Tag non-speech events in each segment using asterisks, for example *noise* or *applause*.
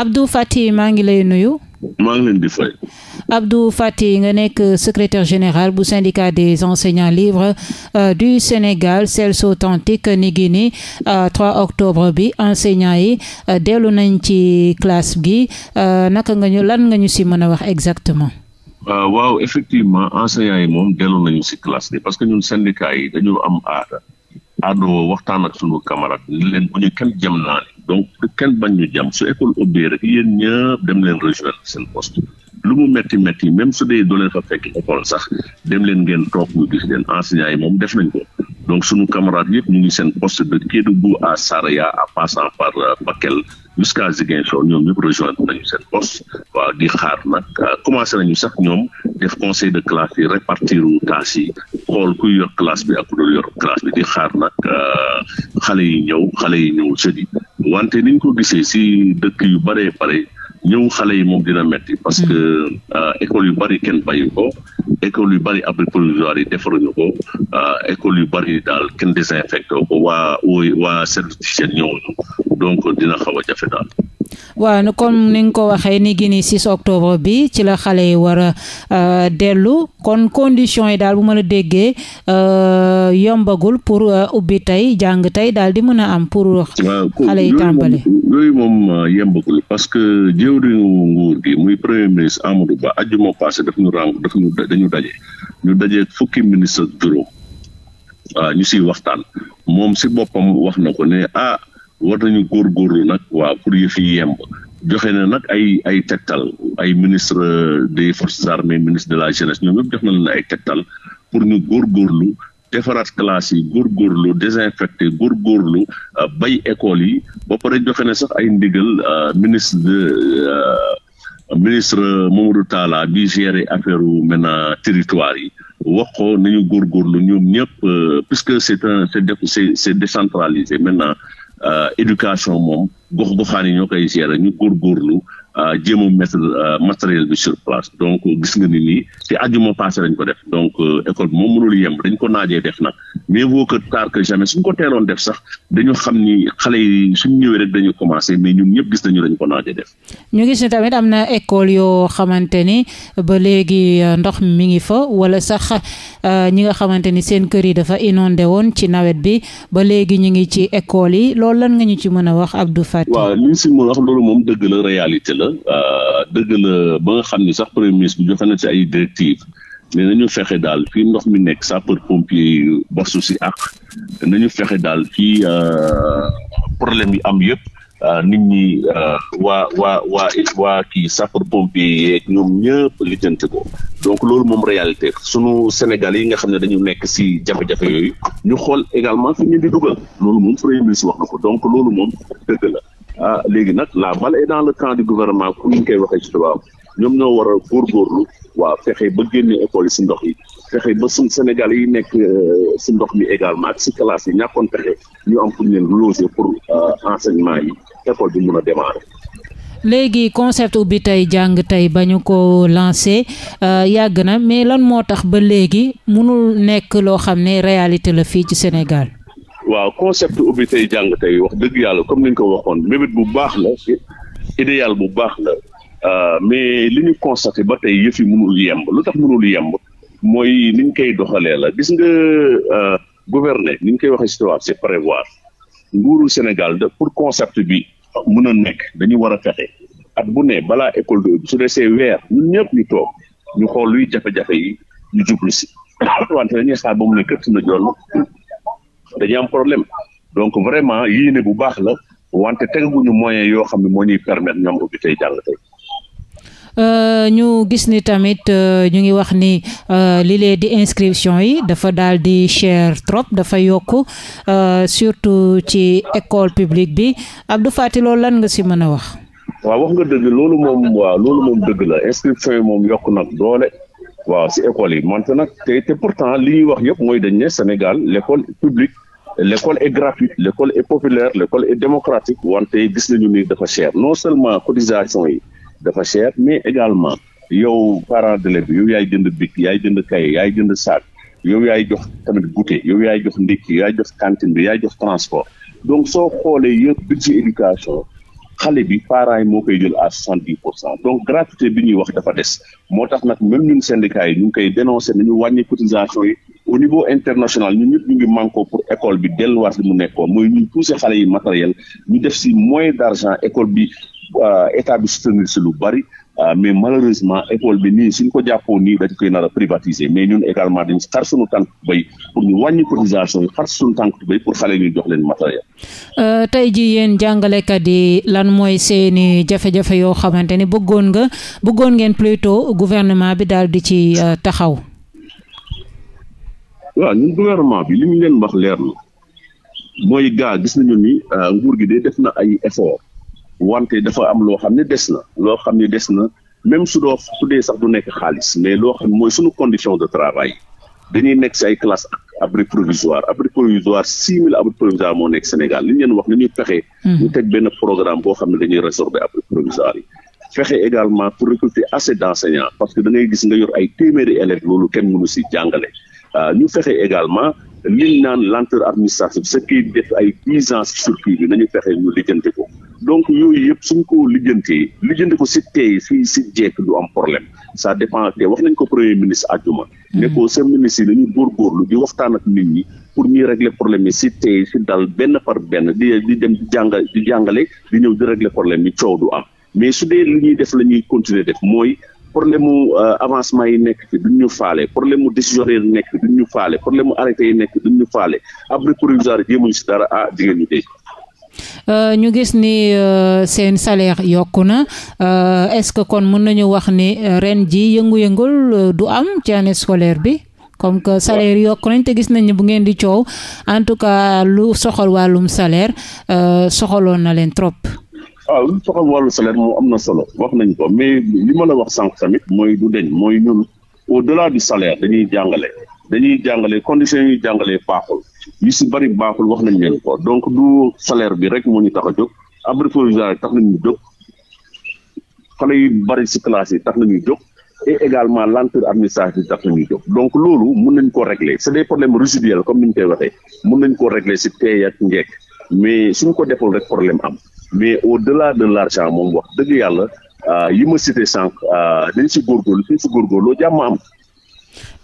Abdou Faty maa ngi lay nuyu. maa ngi leen nga nekk secrétaire général bu syndicat des enseignants libres euh, du Sénégal SELS authentique ni gi ni 3 euh, octobre bi enseignants yi euh, dellu nañ ci classe gi naka nga ñu lan nga ñu si mën a wax exactement. waaw effectivement enseignants yi moom dellu nañu si classe bi parce que ñun syndicats yi dañu am aada aada waxtaan ak sunu camarade ni leen bu ñu kenn jëm naa donc kenn bañ ñu jàmm su école ubbee rek yéen ñëpp dem leen rejoindre seen poste lu mu metti metti même su dee doo leen fa fekk école sax dem leen ngeen toog ñu gis leen enseignants yi moom def nañ ko donc sunu yëpp ñu ngi seen poste de Kédougou à Saraya en passant par euh, Bakel jusqu'à Ziguinchor ñoom ñëpp rejoindre nañu seen poste waaw di xaar nag euh, commencé nañu sax ñoom def conseil de classe yi répartir u tâches yi xool kuy yor classe bi ak ku yor classe bi di xaar nag euh, xale yi ñëw xale yi ñëw jeudi wante ni ko gisee si dëkk yu bëree bare ñëw xale yi moom dina metti parce que euh, école yu bari kenn bayu ko école yu bari abri provisoire yi defaruñu ko euh, école yu bari daal kenn désinfecté ko waa waa service d'hygiène ñëwuñu donc dina xaw a jafe daal waaw comme ni nga ko waxee ni gini ni 6 octobre bi ci la xale yi war a euh, dellu kon condition yi daal bu ma la déggee euh, yombagul pour euh, ubbi tey jàng tey daal di mën a am pour xale yi tàmbali moom yembagul parce que jëwriñu nguur gi muy premier ministre Amadou Ba ajjuma passé daf ñu ràng daf ñu daje ñu daje fukki ministre juróom waaw ñu siy waxtaan moom si boppam wax na ko ne ah war nañu góor góorgóorlu nag waaw pour yëf yi yemb joxe na nag ay ay tegtal ay ministre de forces armées ministre de la jeunesse ñoom ñëpp jox na ne ay tegtal pour ñu góor góorgóorlu defaraat classe yi góor góorgóorlu góor góorgóorlu euh, bay école yi ba pare joxe na sax ay ndigal euh, ministre de euh, ministre Mamadou Talla bi géré affaire u maintenant territoire yi wax ko nañu góorgóorlu ñoom ñëpp puisque c'est un c'est décentralisé maintenant Euh, éducation moom gox goxaan yi ñoo koy gérer ñu góorgóorlu Euh, jéem a mettre euh, matériel bi sur place donc gis nga ni nii te àjjuma passé lañ ko def donc euh, école bi moom mënul yem dañ ko naajee def nag mais boo que tard que jamais suñ ko teeloon def sax dañu xam ni xale yi suñ ñëwee rek dañu commencé mais ñu ñëpp gis nañu dañ ko naajee def. ñu gis ne tamit am na école yoo xamante ni ba léegi ndox mi ngi fa wala sax ñi nga xamante ni seen kër yi dafa inondé woon ci nawet bi ba léegi ñu ngi ci école yi loolu lan nga ñu ci mën a wax Abdou Faty. waaw li ñu si wax loolu moom dëgg la la euh, dëgg la ba nga xam ni sax premier ministre bi joxe na ci ay directives mais nañu fexe daal fii ndox mi nekk sapeur pompier yi basu si ak nañu fexe daal fii euh, problème yi am yëpp euh, nit ñi waa waa waa waa kii sapeur pompier yeeg ñoom ñëpp lijjanti ko donc loolu moom réalité sunu Sénégal yi nga xam ne dañu nekk si jafe-jafe yooyu ñu xool également ñu di dugal loolu moom premier ministre wax na ko donc loolu moom dëgg la. ah léegi nag la balle est dans le camp du gouvernement pour ñu koy waxee ci tubaab ñoom ñoo war a góorgóorlu waaw fexe ba génne école yi si ndox yi fexe ba suñ Sénégal yi nekk si euh, ndox mi également ak si classe yi ñàkkoon fexe ñu am pour leen loger pour euh, enseignement yi école bi mun a démarrer. léegi concept ubbi tey jàng tey ba ñu ko lancé euh, yàgg na mais lan moo tax ba léegi mënul nekk loo xam ne réalité la fii ci Sénégal. waaw concept ubbi tey jàng tey wax dëgg yàlla comme ni ñu ko waxoon mébét bu baax la idéal bu baax la euh, mais li ñu constaté ba tey yëf yi yemb lu tax mënul yemb mooy ni ñu koy doxalee la gis nga euh, gouverner ni ñu koy waxee histoire c'est prévoir nguuru Sénégal de pour concept bi mun a nekk dañu war a fexe at bu ne balaa école de su desee weer ñun ñëpp ñu toog ñu xool luy jafe-jafe yi ñu jublu si *coughs* wante dañuy xaar ba mu ne këtt na joll dañuy am problème donc vraiment yéene bu baax la wante tegaguñu moyen yoo xam ne moo ñuy permettre ñu am ubbi tey euh, ñu gis ni tamit euh, ñu ngi wax ni euh, li lee di inscription yi dafa daal di cher trop dafa yokk surtout ci école publique bi Abdou Faty loolu lan nga si mën a wax. waaw wax nga dëgg loolu moom waaw loolu moom dëgg la inscription yi moom yokk nag doole. waaw si école yi maintenant nag te pourtant li ñuy wax yëpp mooy dañ ne Sénégal l' école publique l' école est gratuite l' école est populaire l' est démocratique wante gis nañu ni dafa cher non seulement cotisation yi dafa cher mais également yow parent d'élève bi yow yaay jënd bic yaay jënd kaye yaay jënd saak yow yaay jox tamit goûter yow yaay jox ndékki yaay jox cantine bi yaay jox transport donc soo xoolee yëpp ci éducation xale bi parents yi moo koy jël à soixante dix pour cent donc gratuité bi ñuy wax dafa des moo tax nag même ñun syndicats yi ñu ngi koy dénoncé nañu wàññi cotisation yi au niveau international ñun ñëpp ñu ngi manko pour école bi delluwaat li mu nekkoon mooy ñu pousser xale yi matériel ñu def si moyen d' argent école bi euh, état bi soutenir si lu bari Euh, mais malheureusement école bi nii suñ ko jàppoon nii dañ koy nar a privatiser mais ñun également dañ xar suñu tànk bay pour ñu wàññi cotisation yi xar suñu tànk bay pour xale ñu jox leen matériel. Euh, tey jii yéen jàngalekat yi lan mooy seeni jafe-jafe yoo xamante ni bëggoon nga bëggoon ngeen plutôt gouvernement bi daal di ci euh, taxaw. waaw ñun gouvernement bi li ñu leen wax leer na mooy gaa gis nañu ni nguur gi de def na ay effort wante dafa am loo xam ne des na loo xam ne des na même su doo su dee sax du nekk xaalis mais loo xam mooy suñu condition de travail dañuy nekk si ay classe abri provisoire abri provisoire six mille abri provisoire moo nekk Sénégal li ñu wax ni ñuy hmm. ñu teg benn programme boo xam ne dañuy résorber abri provisoire yi. fexe également pour recruter assez d' parce que da ngay gis nga yor ay téeméeri élèves loolu kenn mënu si jàngale euh, ñu fexe liñ naan lenteur administrative ce qui def ay puissance circuit bi nañu fexe ñu lijjante ko donc yooyu yëpp suñ ko lijjantee lijjante ko si tey si si jekk du am problème sa dépend te wax nañ ko premier ministre àjjuma hmm. ne ko seen ministre yi góor lu di waxtaan ak nit ñi pour ñuy régler problème yi si tey si dal benn par benn di di dem di jànga di jàngale di ñëw di régler problème yi coow du am mais su dee li ñuy def la ñuy continuer def mooy problème mu euh, avancement yi nekk fi duñ ñu faale problème mu décision yi nekk fi duñ ñu faale problème mu arrêté yi nekk duñ ñu faale abri provisoire jéemuñu dara ah jigéen ñu euh, dee ñu gis ni uh, seen salaire yokku na uh, est-ce que kon mën nañu wax ni euh, ren ji yëngu-yëngul du am ci année scolaire bi comme que salaire yokku nañ te gis nañ ne bu ngeen di coow en tout cas lu soxal wàllum salaire soxaloon na leen trop. waaw lu soxal wàllu salaire moom am na solo wax nañ ko mais li ma la wax sànq tamit mooy du deñ mooy ñun au delà du salaire dañuy jàngale dañuy jàngale conditions yi jàngalee baaxul yu si bëri baaxul wax nañ leen ko donc du salaire bi rek moo ñu tax a jóg abri provisoire tax nañu jóg xale yu bëri si classe yi tax nañu jóg et également lenteur administrative tax nañuy jóg donc loolu mun nañ ko régler c'est des problèmes résiduels comme ni ñu koy waxee mun nañ ko régler si teey ak njekk mais suñ ko deful rek problème am mais au-delà de l'argent moom wax dëgg yàlla euh, yi ma cité sànq euh, dañ si góorgóorlu dañ si góorgóorloo jàmm am.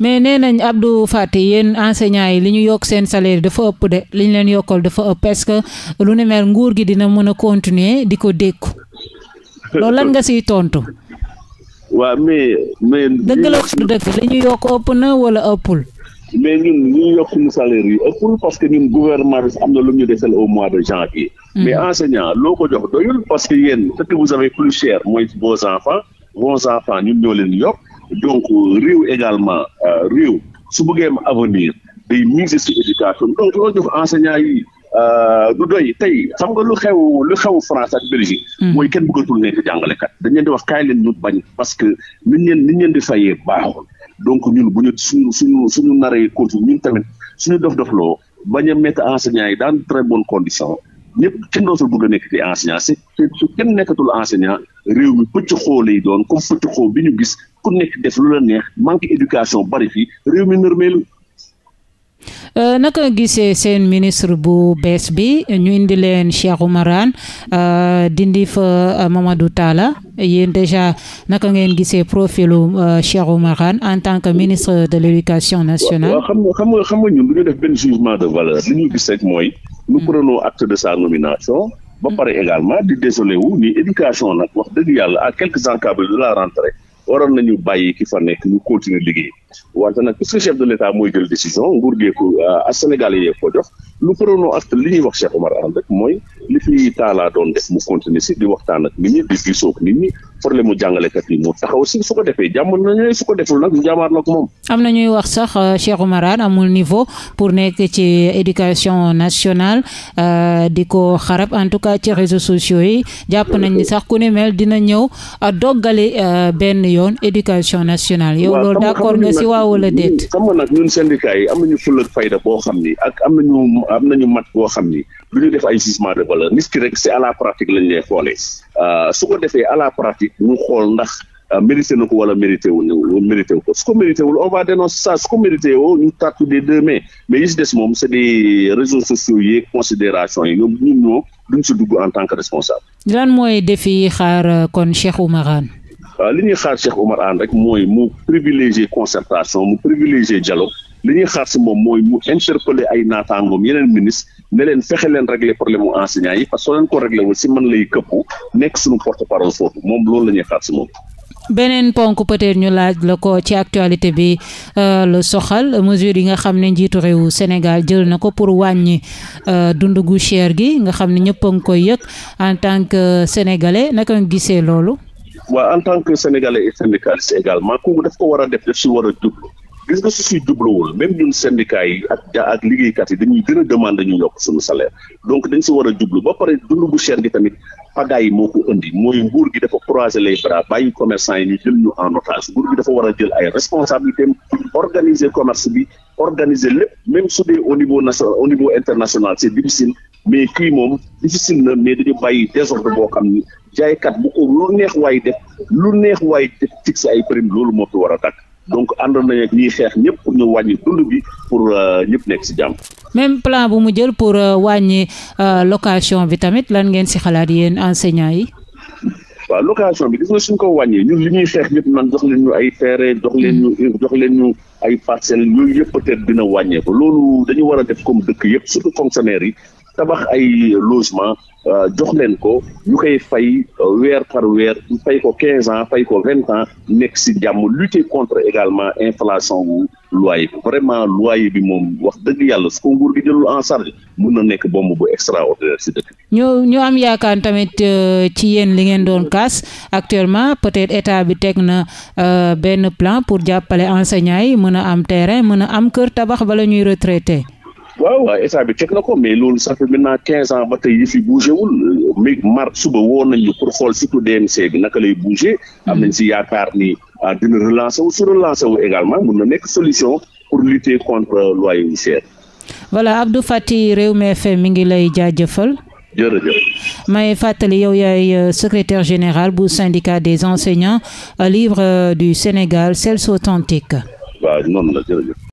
mais nee nañ Abdou Faty yéen enseignants yi li ñu yokk seen salaire dafa ëpp de li ñu leen yokkal dafa ëpp est que lu ne nguur gi dina mën a continuer di ko dékku loolu lan nga siy tontu. *laughs* waaw mais mais. dëgg la dëgg li ñu yokk ëpp na wala ëppul. mais ñun ñu ngi yokk suñu salaire yi ëppul parce que ñun gouvernement bi am na lu ñu desal au mois de janvier. Mm. mais enseignant loo ko jox doyul parce que yéen ce que vous avez plus cher mooy vos enfants vos enfants ñun ñoo leen yokk donc réew également euh, réew su bëggee am avenir day miser sur éducation donc loo jox enseignant yi. Euh, du doy tey xam nga lu xew lu xew France ak Belgique. Hmm. mooy kenn bëggatul nekk jàngalekat. dañ leen di wax kaay leen ñu bañ parce que niñ leen niñ leen di fayee baaxul donc ñun bu ñu suñu suñu suñu naree continue ñun tamit suñu dof loo bañ a mettre enseignants yi daan très bonnes conditions. ñëpp kenn dootul bëgg a nekk ci enseignant si su kenn nekkatul enseignant réew mi pëcc xool yi doon comme pëcc xoo bi ñu gis ku nekk def lu la neex manque éducation bari fii réew mi nërmeelu Euh, naka gisee seen ministre bu bees bi ñu indi leen Cheikh Oumar Anne euh, dindi fa euh, Mamadou Talla yéen déjà naka ngeen gisee profilu Cheikh Oumar Anne en tant que ministre de l'éducation nationale. waaw xam nga xam nga xam nga ñun du ñu def benn jugement de valeur li ñu gis mooy. nous hmm. prenons acte de sa nomination. ba hmm. pare également di désolé ni éducation nag wax dëgg yàlla à quelques encablures de la rentrée. waroon nañu bàyyi ki fa nekk ñu continuer liggéey wante nag puisque chef de l' mooy jël décision nguur geeku ak euh, Sénégal yi ko jox lu prenons acte li ñuy wax Cheikh Omar Anne rek mooy li fi taalaa doon def mu continuer si di waxtaan ak nit ñi di diisoo ak nit ñi problème mu jàngalekat yi mu taxaw si su ko defee jàmm nañu su ko deful nag ñu jàmmaarloog moom. am na ñuy wax sax euh, Cheikh Oumar Anne niveau pour nekk ci éducation nationale euh, di ko xarab en tout cas ci réseaux sociaux yi jàpp nañ ni sax ku ne dina ñëw euh, doggale benn yoon éducation nationale. yow loolu d'accord nga si waaw wala déet. xam nga nag ñun syndicat am nañu fulla fayda boo xam ni ak am nañu am nañu mat boo xam ni lu ñu def ay jugement de wala nit ki rek c'est à la pratique lañ lay xoolee euh, su ko defee à la pratique ñu xool ndax euh, mérité na ko wala mérité wu mérité wu ko su ko mérité wul on va dénoncer ça su ko des deux mains mais yi si des moom c'est des réseaux sociaux yi considération yi ñoom ñun ñu duñ si dugg en tant que responsable. lan mooy défi xaar euh, kon Cheikh Oumar Anne. li ñuy xaar Cheikh Oumar Anne rek mooy mu privilégier concertation mu privilégier dialogue li ñuy xaar si moom mooy mu interpeller ay naataangoom yeneen ministre ne leen fexe leen régler problème mu enseignants yi parce que soo leen ko réglé wul si man lay këppu nekk suñu porte parole foofu moom loolu la ñuy xaar si moom. beneen ponk peut ñu laaj la ko ci actualité bi euh, lu soxal mesure yi nga xam ne njiitu réew Sénégal jël na ko pour wàññi euh, dund gu cher gi nga xam ne ñëpp a ngi koy en tant que sénégalais naka nga gisee loolu. waaw en tant que sénégalais et syndicaliste également kooku daf ko war a def daf si war a gis nga su suy jubluwul même ñun syndicats yi ak ak yi dañuy gën demande ñu yokk suñu salaire donc dañ si war a jublu ba pare dund bu cher gi tamit pagaay yi moo ko indi mooy nguur gi dafa croiser les bras bàyyi commerçant yi ñu jël ñu en otage nguur gi dafa war a jël ay responsabilité organiser commerce bi organiser lépp même su dee au niveau national au niveau international c'est difficile mais kii moom difficile na mais dañu bàyyi désordre boo xam ni jaaykat bu neex waay def lu neex waay def fixé ay prime loolu moo fi war a donc àndoon nañu ak ñiy xeex ñëpp ñu wàññi dund bi pour euh, ñëpp nekk ci jàmm. même plan bu mu jël pour euh, wàññi euh, location bi tamit lan ngeen ci xalaat yéen enseignants yi. waaw location bi gis nga suñ ko wàññee ñun li ñuy xeex ñëpp naan jox leen ñu ay terrain jox leen ñu leen ñu ay parcelles yooyu yëpp peut-être dina wàññeeku loolu dañu war a def comme dëkk yëpp surtout fonctionnaires yi tabax ay logement euh, jox leen ko ñu koy fay euh, weer par weer ñu fay ko quinze ans fay ko vingt ans nekk si jàmm lutter contre également inflation wu loyer bi vraiment loyer bi moom wax dëgg yàlla su ko nguur gi jëlul en charge mun na nekk bomb bu extraordinaire si dëkk bi. ñu am yaakaar tamit euh, ci yéen li ngeen doon kaas actuellement peut-être état bi teg na benn plan pour jàppale enseignants yi mën a am terrain mën a am kër tabax bala ñuy retraité. waaw waaw état bi teg na ko mais loolu ça fait maintenant quinze ba tey yi fi bougé wul mi mar suba woon nañu pour xool surtout DMC bi naka lay bougé am nañ si yaakaar ni ah, dina relancer wu su relancer wu également mun na nekk solution pour lutter contre loyer yu cher voilà Abdou Faty Rewmi FM mi ngi lay jaajëfal jërëjëf may fàttali yow yaay euh, secrétaire général bu syndicat des enseignants euh, livre euh, du Sénégal Sels Authentique waaw noonu la jërëjëf